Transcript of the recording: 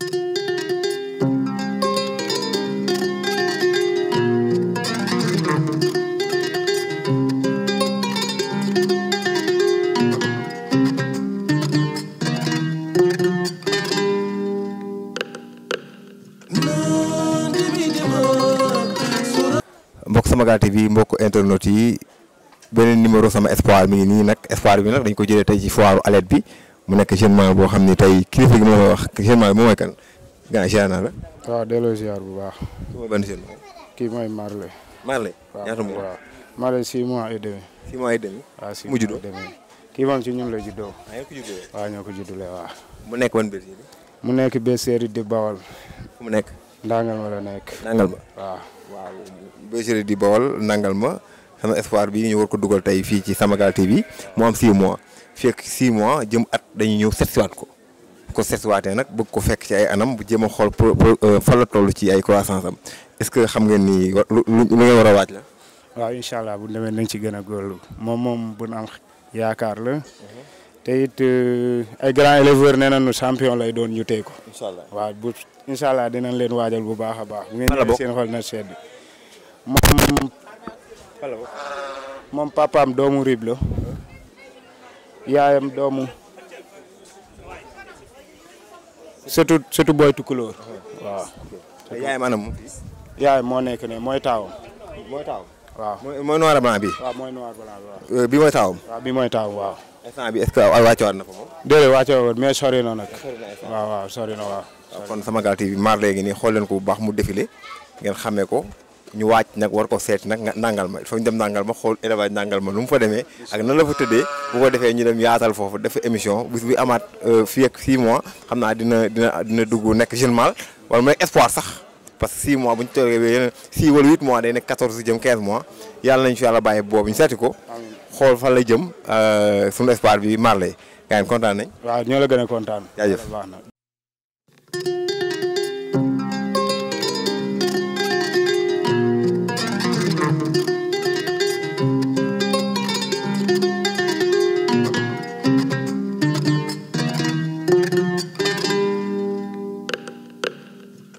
mbokk Samagal TV mbokk internet yi beneen numéro sama espoir mi ngi nii nag espoir bi nag dañ ko jëlee tey ci foiru Alert bi mu nekk jeune maa boo xam ni tey kilifa gi mo wax jeune mo bi kan gaa ziar naa la. waaw delloo ziar bu baax. ku ma ban jeune kii mooy Marley. Marley ñaata mu waaw Marley six mois et demi. six mois et demi. waaw ah, six mois et demi kii moom ci ñun la juddoo. ah ko mu nekk wan biir mu nekk Bergerie di Bawol. fu mu nek Ndangal ma di Bawol Ndangal ma. sama espoir bi ñu war ko dugal tey fii ci Samagal TV mu am 6 mois fekk 6 mois jëm at dañuy ñëw setsiwaat ko ko setwaatee nag bëgg ko fekk ci ay anam bu jéem a xool pour euh, la toll ci ay croissance am est-ce que xam ngeen ni lu lu ngeen war a waaj la. waa incha allah bu demee nañ ci gën a góorlu moom moom bu am yaakaar la. te it euh, ay grand éleveur nee nañu champion lay doon ñu tey ko. incha allah waaw bu incha allah dinañ leen waajal bu baax a baax. bu ngeen seen xol na sedd moom papaam doomu Riib la yaayam doomu surtout surtout booy tukulóor waaw. yaayam anam. yaayam moo nekk ne mooy taawam. mooy taawam waaw. mooy noir blanc bi. mooy noir blanc bi waaw. mooy euh, taawam. bi mooy taawam waaw. instant bi est-ce que na ko moom. na nag. waaw waaw sori na nii xool leen ko bu baax mu défilé ngeen xamee ko. ñu waaj nag war ko seet nag nangal ma foog ñu dem nangal ma xool élevage nangal ma nu mu fa demee ak nan la fa tëddee bu ko defee ñu dem yaatal foofu def émission bis bi amaat euh, fii ak 6 mois xam naa dina dina dina dugg nekk jeune mâle wala sax parce que 6 mois bu ñu toogee ba yeneen 6 wala 8 mois day nekk 14 jëm 15 mois yàlla nañ fi yàlla bàyyi boobu ñu seeti ko. xool fan la jëm euh, sunu espoir bi Marley. gaa yi kontaan nañ. waaw ñoo la gën a kontaan. jaajëf baax na.